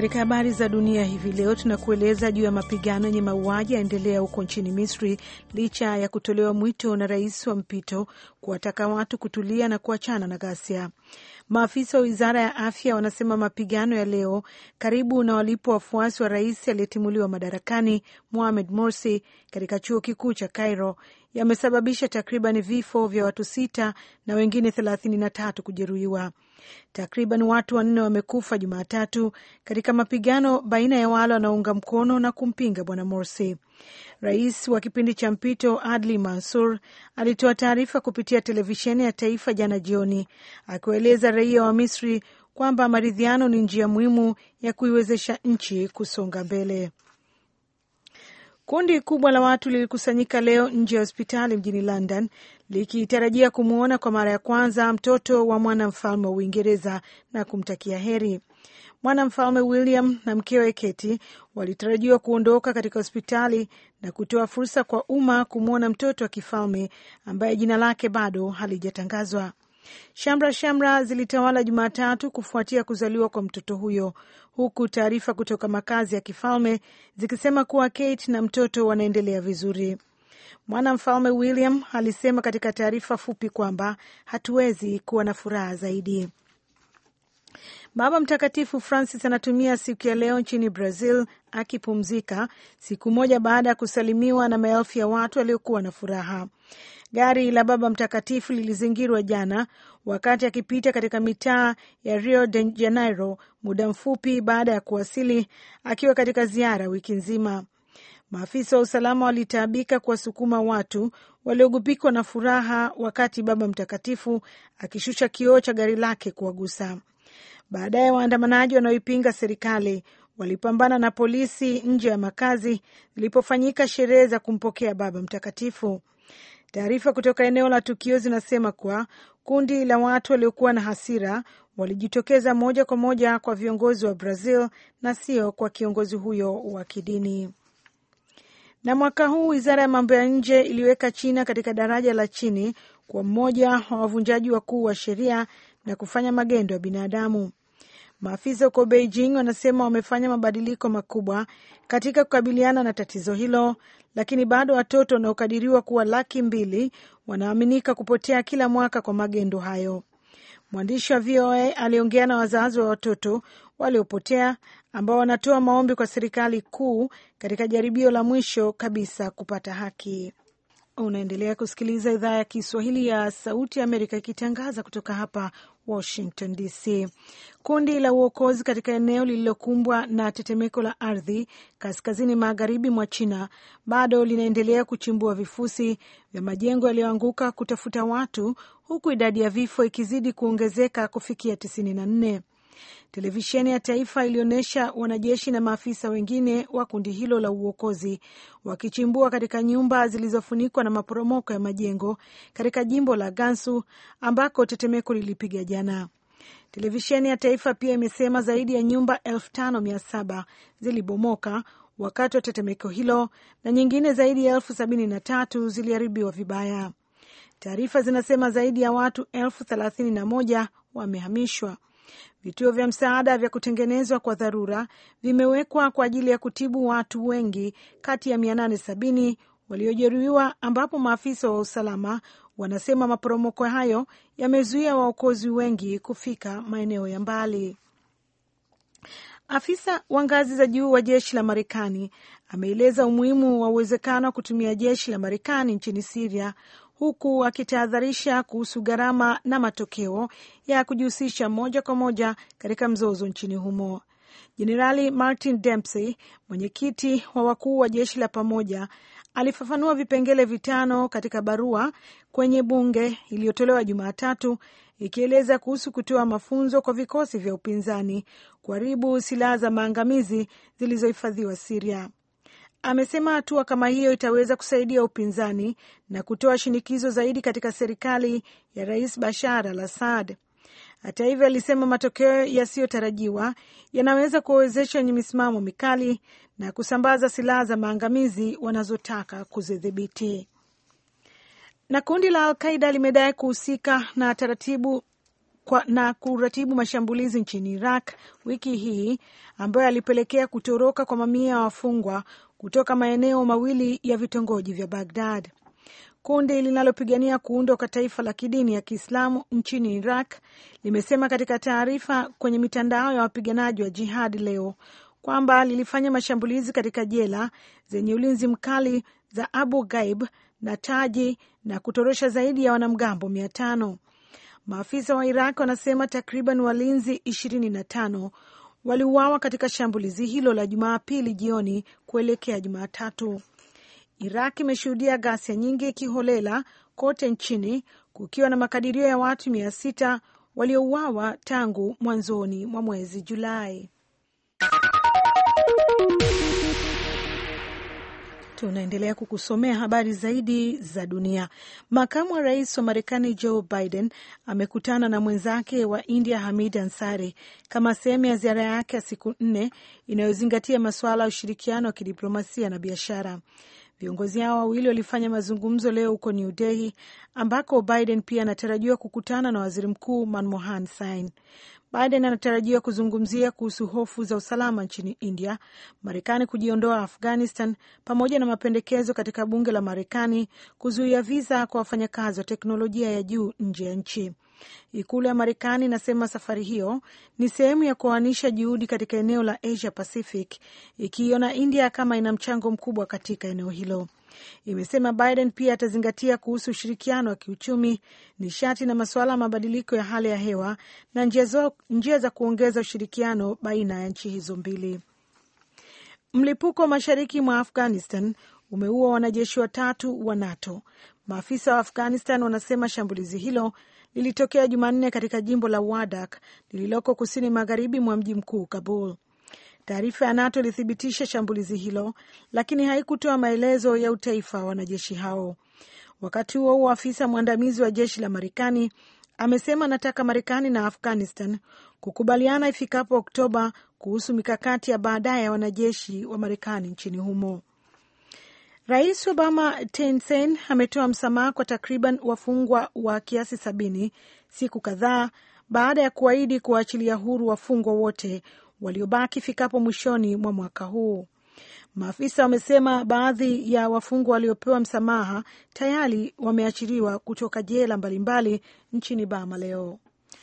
Katika habari za dunia hivi leo, tunakueleza juu ya mapigano yenye mauaji yaendelea huko nchini Misri licha ya kutolewa mwito na rais wa mpito kuwataka watu kutulia na kuachana na ghasia. Maafisa wa wizara ya afya wanasema mapigano ya leo karibu na walipo wafuasi wa rais aliyetimuliwa madarakani Mohamed Morsi katika chuo kikuu cha Cairo yamesababisha takriban vifo vya watu sita na wengine thelathini na tatu kujeruhiwa. Takriban watu wanne wamekufa Jumatatu katika mapigano baina ya wale wanaounga mkono na kumpinga bwana Morsi. Rais wa kipindi cha mpito Adli Mansur alitoa taarifa kupitia televisheni ya taifa jana jioni, akiwaeleza raia wa Misri kwamba maridhiano ni njia muhimu ya kuiwezesha nchi kusonga mbele. Kundi kubwa la watu lilikusanyika leo nje ya hospitali mjini London likitarajia kumwona kwa mara ya kwanza mtoto wa mwanamfalme wa Uingereza na kumtakia heri. Mwanamfalme William na mkewe Keti walitarajiwa kuondoka katika hospitali na kutoa fursa kwa umma kumwona mtoto wa kifalme ambaye jina lake bado halijatangazwa. Shamra shamra zilitawala Jumatatu kufuatia kuzaliwa kwa mtoto huyo, huku taarifa kutoka makazi ya kifalme zikisema kuwa Kate na mtoto wanaendelea vizuri. Mwanamfalme William alisema katika taarifa fupi kwamba hatuwezi kuwa na furaha zaidi. Baba Mtakatifu Francis anatumia siku ya leo nchini Brazil akipumzika siku moja baada ya kusalimiwa na maelfu ya watu waliokuwa na furaha. Gari la Baba Mtakatifu lilizingirwa jana wakati akipita katika mitaa ya Rio de Janeiro muda mfupi baada ya kuwasili, akiwa katika ziara wiki nzima. Maafisa wa usalama walitaabika kuwasukuma watu waliogubikwa na furaha wakati Baba Mtakatifu akishusha kioo cha gari lake kuwagusa. Baadaye waandamanaji wanaoipinga serikali walipambana na polisi nje ya makazi zilipofanyika sherehe za kumpokea Baba Mtakatifu. Taarifa kutoka eneo la tukio zinasema kuwa kundi la watu waliokuwa na hasira walijitokeza moja kwa moja kwa viongozi wa Brazil na sio kwa kiongozi huyo wa kidini. Na mwaka huu wizara ya mambo ya nje iliweka China katika daraja la chini kwa mmoja wa wavunjaji wakuu wa sheria na kufanya magendo ya binadamu. Maafisa huko Beijing wanasema wamefanya mabadiliko makubwa katika kukabiliana na tatizo hilo, lakini bado watoto wanaokadiriwa kuwa laki mbili wanaaminika kupotea kila mwaka kwa magendo hayo. Mwandishi wa VOA aliongea na wazazi wa watoto waliopotea ambao wanatoa maombi kwa serikali kuu katika jaribio la mwisho kabisa kupata haki. Unaendelea kusikiliza idhaa ya Kiswahili ya Sauti ya Amerika ikitangaza kutoka hapa Washington DC. Kundi la uokozi katika eneo lililokumbwa na tetemeko la ardhi kaskazini magharibi mwa China bado linaendelea kuchimbua vifusi vya majengo yaliyoanguka kutafuta watu, huku idadi ya vifo ikizidi kuongezeka kufikia nne. Televisheni ya taifa ilionyesha wanajeshi na maafisa wengine wa kundi hilo la uokozi wakichimbua katika nyumba zilizofunikwa na maporomoko ya majengo katika jimbo la Gansu ambako tetemeko lilipiga jana. Televisheni ya taifa pia imesema zaidi ya nyumba 57 zilibomoka wakati wa tetemeko hilo na nyingine zaidi ya elfu sabini na tatu ziliharibiwa vibaya. Taarifa zinasema zaidi ya watu elfu thelathini na moja wamehamishwa. Vituo vya msaada vya kutengenezwa kwa dharura vimewekwa kwa ajili ya kutibu watu wengi kati ya 870 waliojeruhiwa, ambapo maafisa wa usalama wanasema maporomoko hayo yamezuia waokozi wengi kufika maeneo ya mbali. Afisa wa ngazi za juu wa jeshi la Marekani ameeleza umuhimu wa uwezekano wa kutumia jeshi la Marekani nchini Siria huku akitahadharisha kuhusu gharama na matokeo ya kujihusisha moja kwa moja katika mzozo nchini humo. Jenerali Martin Dempsey, mwenyekiti wa wakuu wa jeshi la pamoja, alifafanua vipengele vitano katika barua kwenye bunge iliyotolewa Jumatatu ikieleza kuhusu kutoa mafunzo kwa vikosi vya upinzani kuharibu silaha za maangamizi zilizohifadhiwa Siria. Amesema hatua kama hiyo itaweza kusaidia upinzani na kutoa shinikizo zaidi katika serikali ya Rais Bashar al Assad. Hata hivyo, alisema matokeo yasiyotarajiwa yanaweza kuwawezesha wenye misimamo mikali na kusambaza silaha za maangamizi wanazotaka kuzidhibiti. Na kundi la Alqaida limedai kuhusika na taratibu kwa, na kuratibu mashambulizi nchini Iraq wiki hii ambayo yalipelekea kutoroka kwa mamia ya wafungwa kutoka maeneo mawili ya vitongoji vya bagdad Kundi linalopigania kuundwa kwa taifa la kidini ya Kiislamu nchini Iraq limesema katika taarifa kwenye mitandao ya wapiganaji wa jihadi leo kwamba lilifanya mashambulizi katika jela zenye ulinzi mkali za Abu Ghaib na Taji na kutorosha zaidi ya wanamgambo mia tano. Maafisa wa Iraq wanasema takriban walinzi 25 waliuawa katika shambulizi hilo la Jumapili jioni kuelekea Jumatatu. Iraq imeshuhudia ghasia nyingi kiholela kote nchini kukiwa na makadirio ya watu mia sita waliouawa tangu mwanzoni mwa mwezi Julai. Tunaendelea kukusomea habari zaidi za dunia. Makamu wa rais wa Marekani Joe Biden amekutana na mwenzake wa India Hamid Ansari kama sehemu ya ziara yake ya siku nne inayozingatia masuala ya ushirikiano wa kidiplomasia na biashara. Viongozi hao wawili walifanya mazungumzo leo huko New Delhi ambako Biden pia anatarajiwa kukutana na waziri mkuu Manmohan Singh. Biden anatarajiwa kuzungumzia kuhusu hofu za usalama nchini India, Marekani kujiondoa Afghanistan, pamoja na mapendekezo katika bunge la Marekani kuzuia viza kwa wafanyakazi wa teknolojia ya juu nje ya nchi. Ikulu ya Marekani inasema safari hiyo ni sehemu ya kuanisha juhudi katika eneo la Asia Pacific, ikiiona India kama ina mchango mkubwa katika eneo hilo. Imesema Biden pia atazingatia kuhusu ushirikiano wa kiuchumi, nishati na masuala ya mabadiliko ya hali ya hewa na njia za kuongeza ushirikiano baina ya nchi hizo mbili. Mlipuko mashariki mwa Afghanistan umeua wanajeshi watatu wa NATO. Maafisa wa Afghanistan wanasema shambulizi hilo lilitokea Jumanne katika jimbo la Wardak lililoko kusini magharibi mwa mji mkuu Kabul. Taarifa ya NATO ilithibitisha shambulizi hilo, lakini haikutoa maelezo ya utaifa wa wanajeshi hao. Wakati huo huo, afisa mwandamizi wa jeshi la Marekani amesema anataka Marekani na Afghanistan kukubaliana ifikapo Oktoba kuhusu mikakati ya baadaye ya wanajeshi wa Marekani nchini humo. Rais Obama tensen ametoa msamaha kwa takriban wafungwa wa kiasi sabini siku kadhaa baada ya kuahidi kuwaachilia huru wafungwa wote waliobaki ifikapo mwishoni mwa mwaka huu. Maafisa wamesema baadhi ya wafungwa waliopewa msamaha tayari wameachiriwa kutoka jela mbalimbali nchini Bama leo.